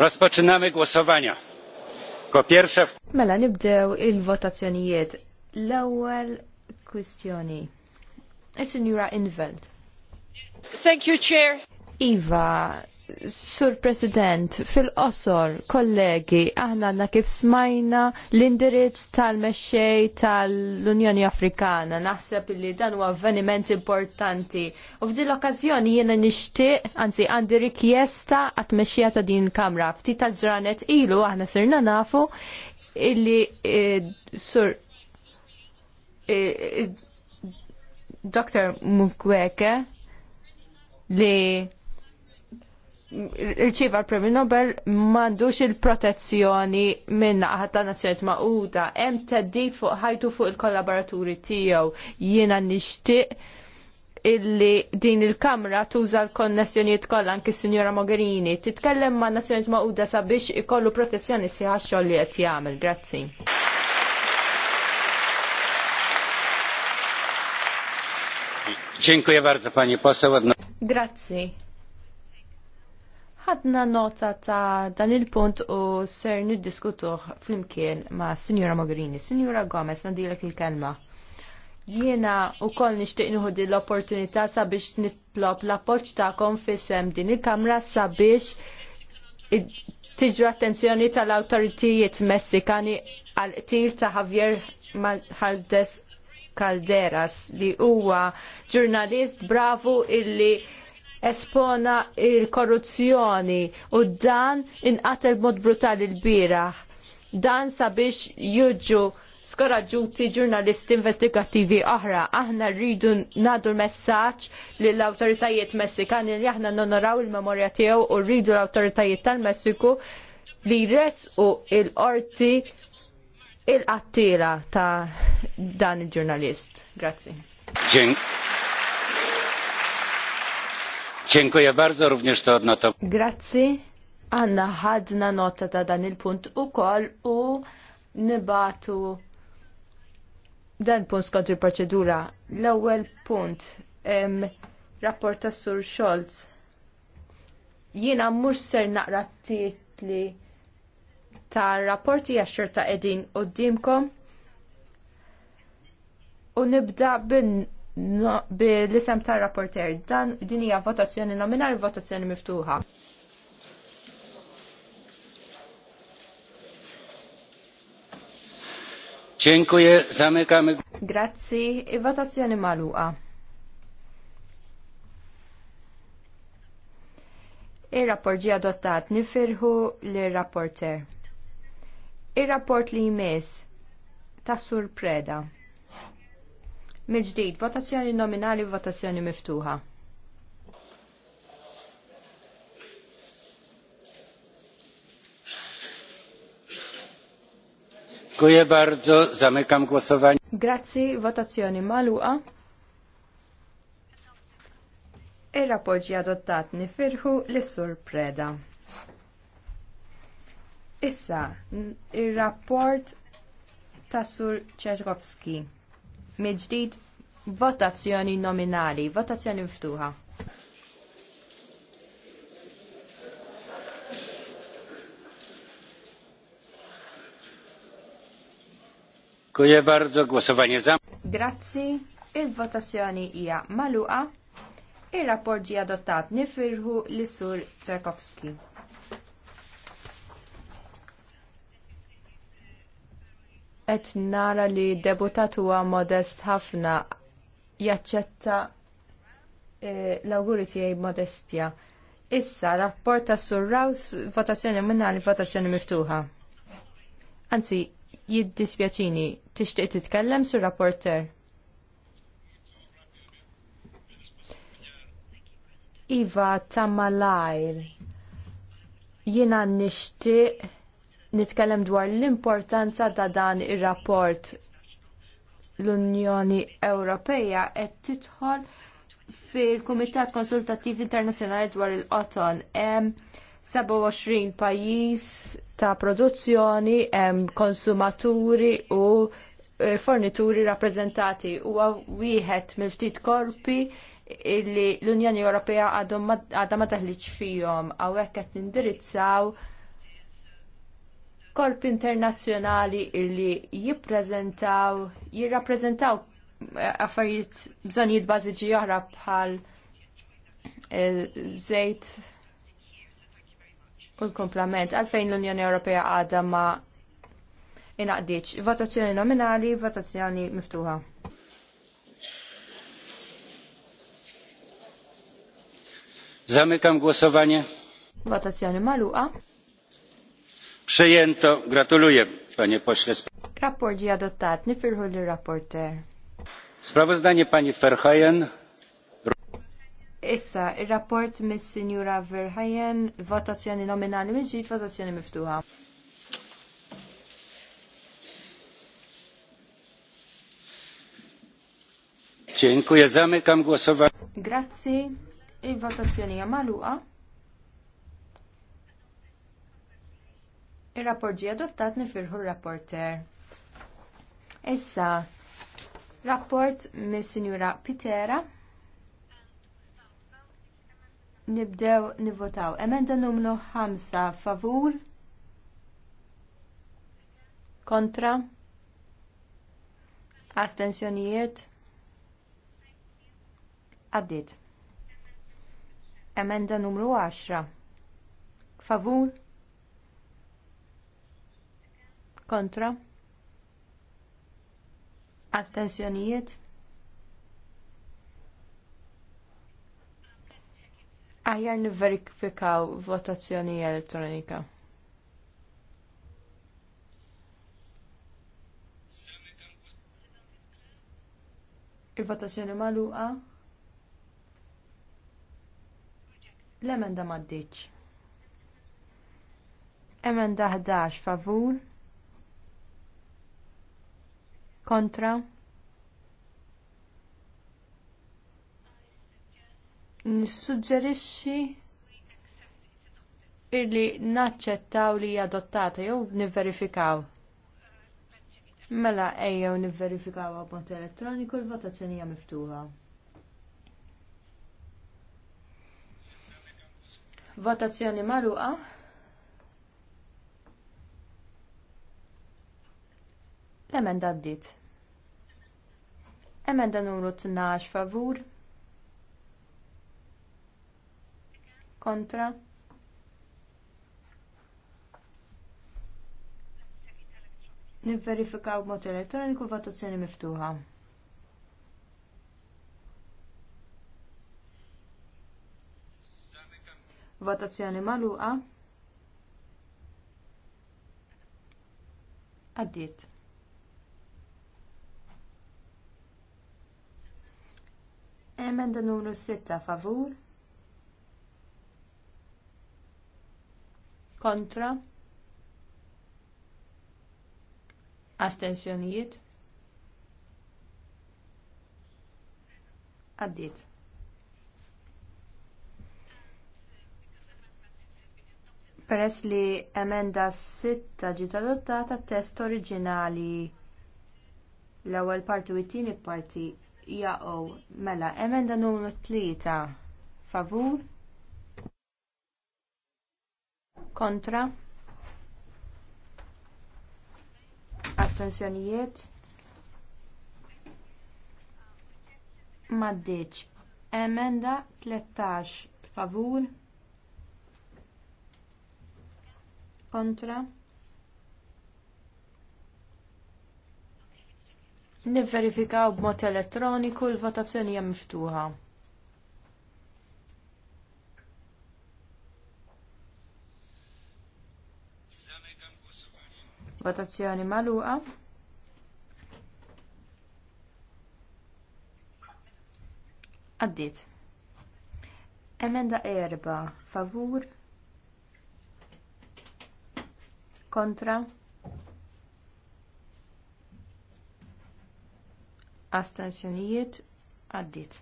Rozpoczynamy głosowania. Ko pierwsza... Mela nibdew il-votazzjonijiet. L-ewwel kwistjoni. Is-Sinjura Inveld. Thank you, Chair. Iva, Sur President, fil-qosor, kollegi, aħna għanna kif smajna l-indirizz tal-mexxej tal-Unjoni Afrikana. Naħseb li dan huwa avveniment importanti. U f'din l-okkażjoni jiena nixtieq, anzi għandi rikjesta għat mexxija ta' din kamra. Ftit tal-ġranet ilu aħna sirna nafu illi eh, sur eh, eh, Dr. Mukweke, li Il-ċivar premju Nobel m'għandux il-protezzjoni minna ħatta nazzjoniet Magħquda hemm teddid fuq ħajtu fuq il-kollaboraturi tiegħu jiena nixtieq illi din il-kamra tuża l-konnessjonijiet kollha anki Sinjora Mogherini titkellem ma' Nazzjonijiet Magħquda sabiex ikollu protezzjoni sieħa xogħol li qed jagħmel. Grazzi. Dziękuję bardzo pani poseł. Grazie ħadna nota ta' dan il-punt u ser niddiskutuh flimkien ma' Signora Mogherini. Signora Gomez, nadilek il-kelma. Jiena u koll nishtiq nħu l-opportunità sabiex nitlob l-appoċ ta'kom fisem din il-kamra sabiex tiġu attenzjoni tal-autoritijiet messikani għal qtil ta' Javier Haldes Calderas li huwa ġurnalist bravu illi espona il-korruzzjoni u dan inqatel mod brutali l-biraħ. Dan sabiex juġu skoraġuti ġurnalisti investigattivi oħra. Aħna rridu nadu messaġġ lill awtoritajiet Messikani li aħna nonoraw il-memorja tiegħu u rridu l-awtoritajiet tal-Messiku li jresqu l qorti il-qattila ta' dan il-ġurnalist. Grazzi. Dziękuję bardzo, również to odnotowałem. Grazzi, Anna ħadna nota ta' dan il-punt u koll u nibatu dan punt skont il-proċedura. L-ewwel punt, em, rapport ta' Sur Scholz. Jiena mhux ser naqra titli ta' rapporti għax ta' qegħdin quddiemkom. u nibda bin No, bil-isem tar rapporter dan din hija votazzjoni nominar votazzjoni miftuħa. Dziękuję, zamykamy. Grazzi, i votazzjoni maluqa. Ir-rapport ġie adottat nifirħu lir-rapporter. Ir-rapport li jmiss ta' surpreda. Mill-ġdid, votazzjoni nominali u votazzjoni miftuħa. Dziękuję bardzo. Zamykam głosowanie. Grazzi, votazzjoni maluqa. Ir-rapport ġi adottat nifirħu l-sur Preda. Issa, ir-rapport ta' sur Ċerkovski mill-ġdid votazzjoni nominali, votazzjoni miftuħa. Dziękuję bardzo. Głosowanie za. Grazzi. Il-votazzjoni hija maluqa. Ir-rapport ġie adottat nifirħu l-sur Tsarkovski. qed nara li d-deputat huwa modest ħafna jaċċetta eh, l-awguri tiegħi modestja. Issa rapport ta' surraws votazzjoni li votazzjoni miftuħa. Anzi, jiddispjaċini, tixtieq titkellem sur rapporter. Iva Tamalajr, malajr. Jiena nixtieq nitkellem dwar l-importanza ta' dan ir-rapport. L-Unjoni Ewropea qed tidħol fil-Kumitat Konsultattiv Internazzjonali dwar il-Qoton. Hemm 27 pajjiż ta' produzzjoni, hemm konsumaturi u e, fornituri rappreżentati huwa wieħed mill-ftit korpi illi l-Unjoni Ewropea għadha ma taħliġ fihom hawnhekk qed nindirizzaw korp internazzjonali li jippreżentaw, jirrappreżentaw eh, affarijiet bżonijiet bażiċi oħra bħal il-żejt eh, u l-komplement għalfejn l-Unjoni Ewropea għadha ma inaqdiċ. Votazzjoni nominali, votazzjoni miftuħa. Zamykam głosowanie. Votazzjoni maluqa. Przyjęto. Gratuluję, panie pośle. Rapport ġie adottat. Nifirħu l-rapporter. Sprawozdanie pani Verheyen. Issa, il-rapport mis sinjura Verheyen, votazzjoni nominali miġi, votazzjoni miftuħa. Dziękuję, zamykam głosowanie. Grazie, il-votazzjoni jamaluqa. Ir-rapport ġie adottat nifirħu r-rapporter. Issa, rapport mis sinjura Pitera. Nibdew nivvotaw. Emenda numru 5 favur. Kontra. Astensjonijiet. Addit. Emenda numru 10. Favur. kontra astensjonijiet aħjar nivverifikaw votazzjoni elettronika. Il-votazzjoni magħluqa. L-emenda maddiċ. Emenda 11 favur kontra nissuġġerixxi illi naċċettaw li hija adottata jew nivverifikaw. Mela ejjew nivverifikaw b'mod elettroniku l-votazzjoni hija miftuħa. Votazzjoni magħluqa. L-emenda Emenda numru 12 favur. Kontra. Nivverifikaw b'mod elettroniku votazzjoni miftuħa. Votazzjoni magħluqa. Għaddiet. Emenda numru 6 favur. Kontra. Astensjonijiet. Għaddit. Peress li emenda 6 ġiet adottata test oriġinali l-ewwel parti u t-tieni parti jaqo Mela, emenda numru tlieta, favur kontra astensjonijiet m'għaddiċ. Emenda 13 favur kontra Nivverifikaw b'mod elettroniku l-votazzjoni hija miftuħa. Votazzjoni magħluqa. Għaddiet. Emenda erba' favur kontra astensjonijiet għaddiet.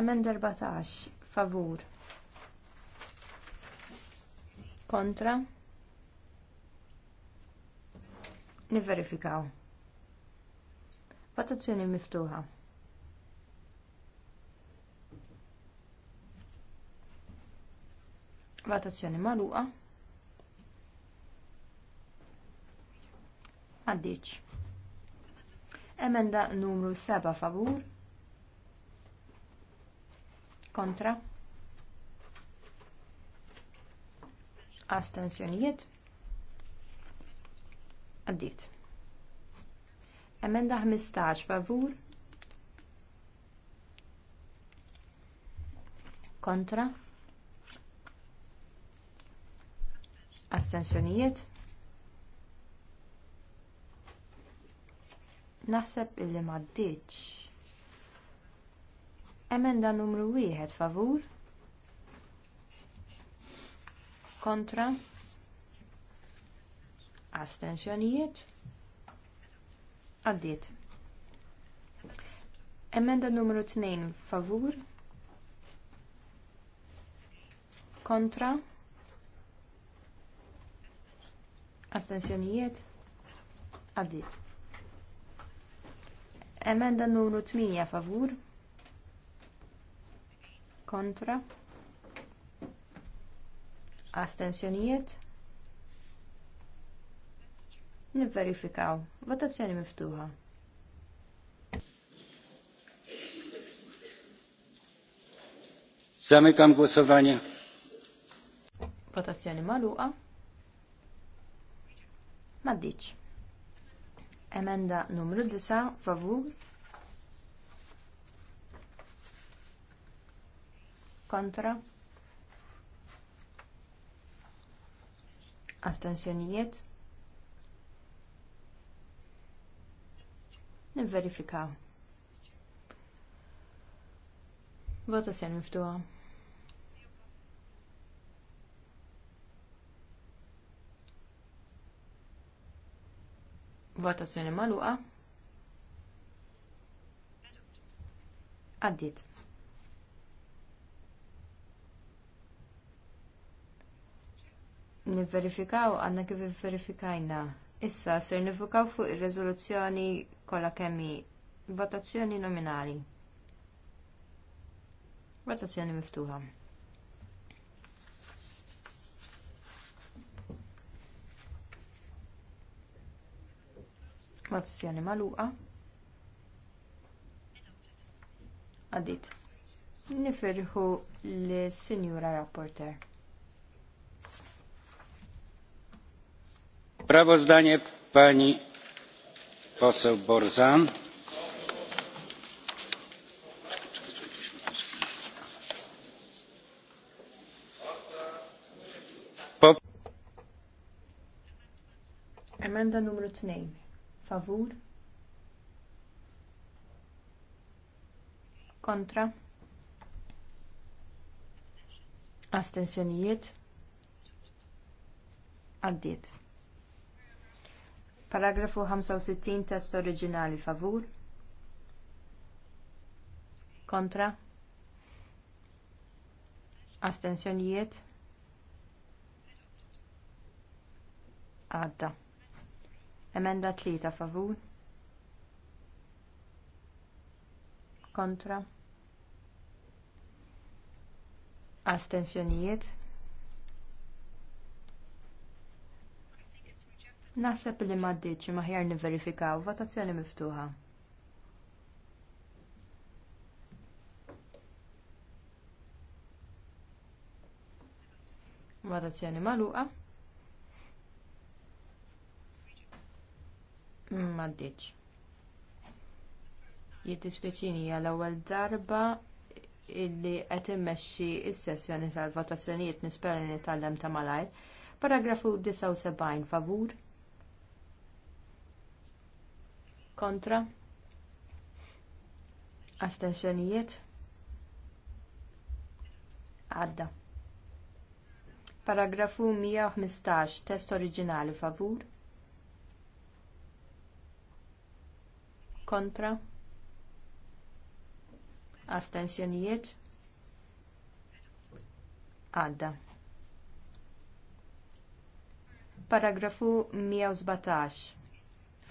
Emenda 14 favur kontra niverifikaw. Votazzjoni miftuħa. Votazzjoni magħluqa. għaddiċ. Emenda numru 7 favur. Kontra. Astensjonijiet. Għaddit. Emenda 15 favur. Kontra. Astensjonijiet. Naħseb illi maddiċ. Emenda numru wieħed favur. Kontra. Astensjonijiet. Għaddiet. Emenda numru 2 favur. Kontra. Astensjonijiet. Għaddiet. Emenda numru 8 favur. Kontra. Astensjonijiet. Nivverifikaw. Votazzjoni miftuħa. Zamykam głosowanie. Votazzjoni maluqa. Maddiċ. Emenda numru 9 favur kontra astensjonijiet nivverifikaw votazzjoni miftuħa Votazzjoni magħluqa. Għaddiet. Nivverifikaw għandna kif verifikajna. Issa ser nifukaw fuq ir riżoluzzjoni kollha kemmi votazzjoni nominali. Votazzjoni miftuħa. Votazzjoni magħluqa. Għaddit. Nifirħu lis sinjura rapporteur Sprawozdanie pani poseł Borzan. Emenda numru 2 favur kontra astensjonijiet għaddiet paragrafu 65 test oriġinali favur kontra astensjonijiet għadda Emenda tlieta favur. Kontra. Astensjonijiet. Naħseb li maddiċ maħjar niverifikaw votazzjoni miftuħa. Votazzjoni maluqa. Maddiċ. Jiddispjaċini għal ewwel darba illi qed immexxi s-sessjoni tal-votazzjonijiet nispera li nitgħallem ta' malajr. Paragrafu 79 favur. Kontra. Astensjonijiet. Għadda. Paragrafu 115 test oriġinali favur. kontra astensjonijiet għadda paragrafu 117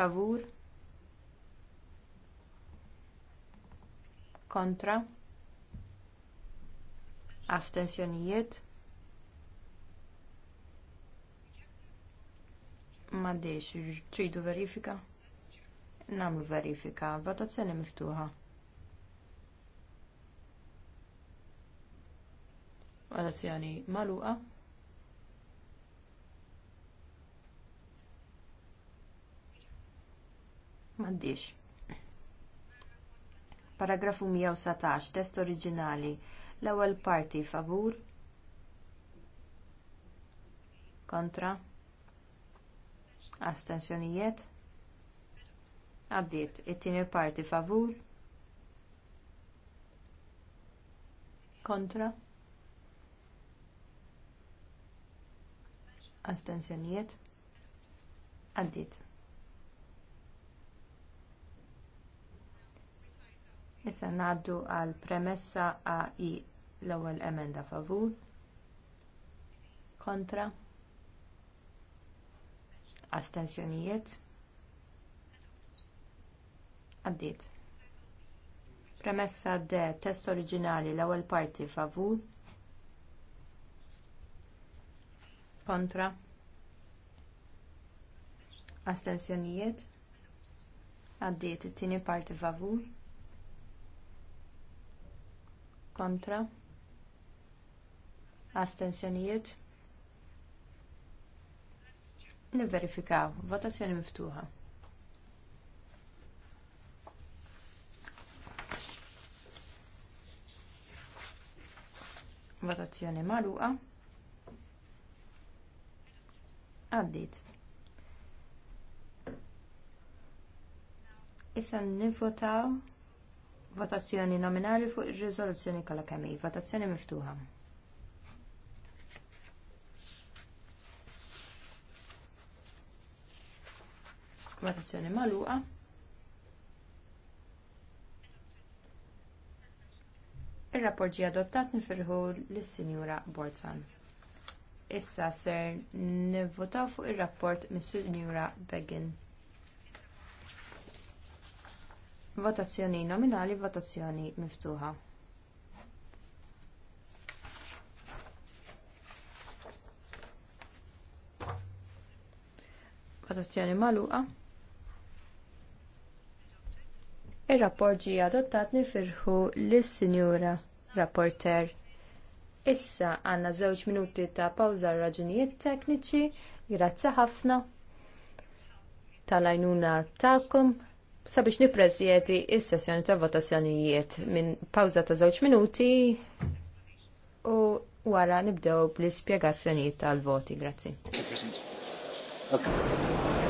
favur kontra astensjonijiet m'għaddiex tridu verifika nagħmlu verifika, votazzjoni miftuħa. Votazzjoni magħluqa. M'għaddix. Paragrafu 117, test oriġinali. L-ewwel parti favur kontra astensjonijiet Għaddiet, it-tieni parti favur. Kontra. Astensjonijiet. Għaddiet. Issa ngħaddu għal premessa a-i l-ewwel emenda favur. Kontra. Astensjonijiet Għaddiet. Premessa de test oriġinali l-ewwel parti favur. Kontra. Astensjonijiet. Għaddiet it-tieni parti favur. Kontra. Astensjonijiet. Niverifikaw. Votazzjoni miftuħa. Votazzjoni magħluqa. Għaddit. Issa nivvotaw votazzjoni nominali fuq ir-riżoluzzjoni kollha kemm Votazzjoni miftuħa. Votazzjoni magħluqa. Ir-rapport ġie adottat nifirħu lis-Sinjura Borzan. Issa ser nivvotaw fuq ir-rapport mis-Sinjura Begin. Votazzjoni nominali, votazzjoni miftuħa. Votazzjoni magħluqa. Ir-rapport ġie adottat nifirħu lis-Sinjura rapporter. Issa għandna żewġ minuti ta' pawża raġunijiet tekniċi, grazzi ħafna tal-għajnuna tagħkom sabiex nippreżjedi s sessjoni ta' votazzjonijiet minn pawża ta' żewġ minuti u wara nibdew bl-ispjegazzjonijiet tal-voti. Grazzi.